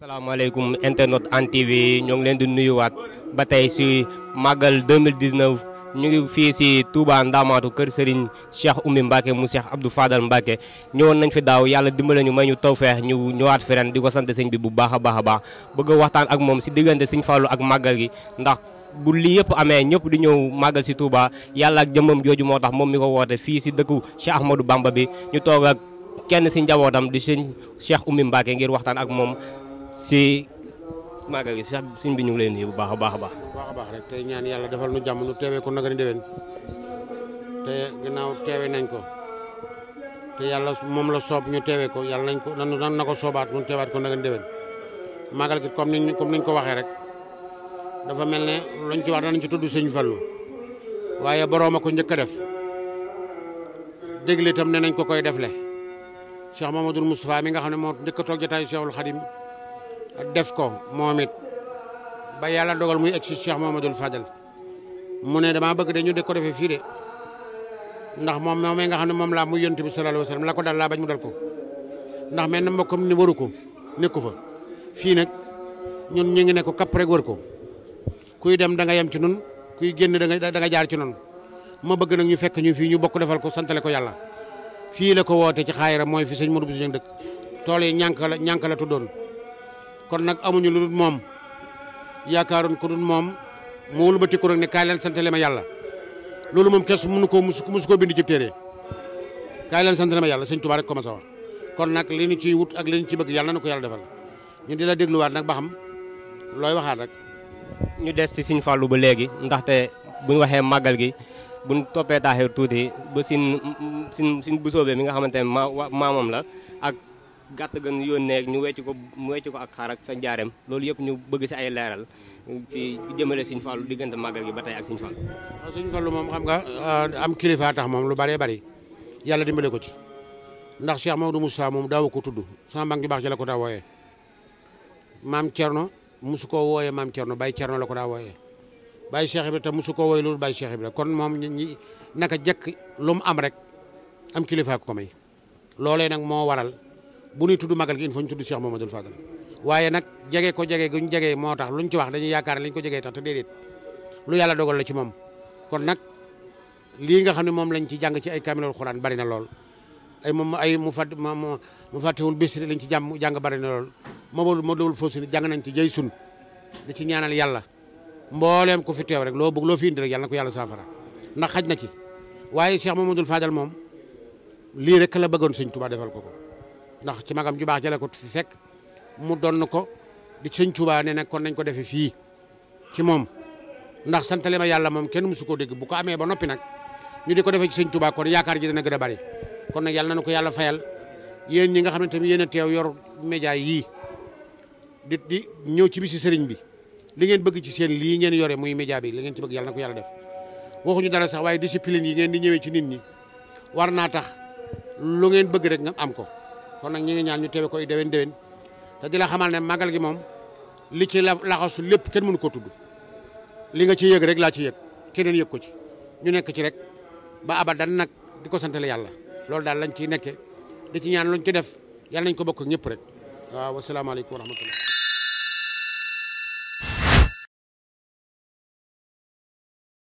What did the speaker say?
salaamaaleykum internet Hann TV ñoo ngi leen di nuyuwaat ba tey si màggal 2019 ñu fii si Touba Ndamaatu kër Serigne Cheikh Oumy Mbacke mu Cheikh Abdou Fadal Mbacke ñëwoon nañ fi daaw yàlla dimbale ñu may ñu taw feex ñu ñëwaat fi di ko sant sëñ bi bu baaxa a baax a baax bëgg waxtaan ak moom si diggante sëñ Fallou ak màggal gi ndax. bu lii yëpp amee ñëpp di ñëw màggal si Touba yàlla ak jëmmam jooju moo tax moom mi ko woote fii si dëkku Cheikh Ahmadou Bamba bi ñu toog ak kenn si njabootam di sëñ Cheikh Oumy ngir waxtaan ak moom si màggal gi sax suñ bi ñu ngi lay nuyu bu baax baax a baax. bu baax a rek tey ñaan yàlla defal nu jàmm nu teewee ko nagari déwén te ginnaaw teewe nañ ko te yàlla moom la soob ñu teewee ko yàlla nañ ko a na ko soobaat nun teewaat ko nagari déwén màggal gi comme niñ comme niñ ko waxee rek dafa mel ne luñ ci wax danañ ci tudd sëñ Fallu waaye boroom a ko njëkk a def dégle tam ne nañ ko koy defle Cheikh Mamadou Moustapha mi nga xam ne moo njëkk a toog jataayu Cheikhul def ko moom it ba yàlla dogal muy egg si Cheikh Mamadou Fadel mu ne damaa bëgg de ñu de ko defee fii de ndax moom moomee nga xam ne moom laa muy yonent mi sallallahu alayhi wasallam la ko dal laa bañ mu dal ko ndax mel na mbokkam ni waru ko nekku fa fii nag ñun ñu ngi ko kapp rek wër kuy dem danga yem ci nun kuy génn da nga da nga jaar ci nun ma bëgg nag ñu fekk ñu fii ñu bokk defal ko santale ko yàlla fii la ko woote ci xaayira mooy fi sëñ Modou Bousso Dieng dëkk tool yi ñànk la ñànk la kon nag amuñu lu dul moom yaakaaroon ko dul moom mu wëlbatiku rek ne kaay leen sant ma yàlla loolu moom kes mënu koo mu musu koo bind ci téere kaay leen sant ma yàlla sëñ Tuubaa rek ko mas a kon nag li ñu ci wut ak li ñu ci bëgg yàlla na ko yàlla defal ñu di la dégluwaat nag ba looy waxaat rek. ñu des ci Sëñ Fallu ba léegi ndaxte bu ñu waxee màggal gi bu ñu toppee taaxir tuuti ba sin sin bu soobee mi nga xamante ne ma maamam la ak. gan gën yónneeg ñu wéccu ko mu ko ak xaar ak sa jaarem loolu yépp ñu bëgg si ay léral ci jëmale Seigne Fallu diggante magal gi batay ak Seigne Fallu Seigne Sëñ Fallu xam nga euh, am kilifa tax mom lu bari bari yalla dimbalé ko ci ndax Cheikh Mamadou Moussa mom daaw ko tuddu sama mag gi bax ci la ko da woyé mam cierno musu koo wooyee maam Thierno Baye la ko da woyé bay Cheikh ibrahim ta musu Cheikh ibrahim kon mom ñi naka jekk lu mu am rek am kilifa ko may lolé nak mo waral bu ñuy tudd magal gi il faut ñu tudd Cheikh Mamadou Fadal waaye nag jege ko jege guñ jege moo tax luñ ci wax dañuy yaakaar ne ko jegee tax te déedéet lu yàlla dogal la ci moom kon nag lii nga xam ne moom lañ ci jàng ci ay kaamilul xuraan bari na lool ay moom ay mu fat mu fàttewul bisri lañ ci jàmm jàng bari na lool moom moo dawul foofu jàng nañ ci jay sun di ci ñaanal yàlla mbooleem ku fi rek loo bëgg loo fi indi rek yàlla na ko yàlla saafara ndax xaj na ci waaye moom Cheikh Mamadou Fadal moom lii rek la bëggoon sëñ Tuubaa defal ko ko ndax ci magam ju baax jële ko si sekk mu donn ko di sëñ Tuubaa ne nag kon nañ ko defee fii ci moom ndax santale ma yàlla moom kenn musu koo dégg bu ko amee ba noppi nag ñu di ko defee ci sëñ Tuubaa kon yaakaar ji dana gën a bari kon nag yàlla na ko yàlla fayal yéen ñi nga xam ne tamit yéen a teew yii di ñëw ci si sëriñ bi li ngeen bëgg ci seen lii ngeen yore muy média bi li ngeen ci bëgg yàlla na ko yàlla def waxuñu dara sax waaye di discipline yi ngeen di ñëwee ci nit ñi war naa tax lu ngeen bëgg rek nga am ko kon nag ñi ñaan ñu teewe koy déwén déwén te di la xamal ne màggal gi moom li ci la laxasu lépp kenn mënu ko tudd li nga ci yëg rek laa ci yëg keneen yëg ko ci ñu nekk ci rek ba dan nag di ko santale yàlla loolu daal lañ ci nekke di ci ñaan luñ ci def yàlla nañ ko bokk ñëpp rek waaw wasalaamaaleykum wa rahmatullah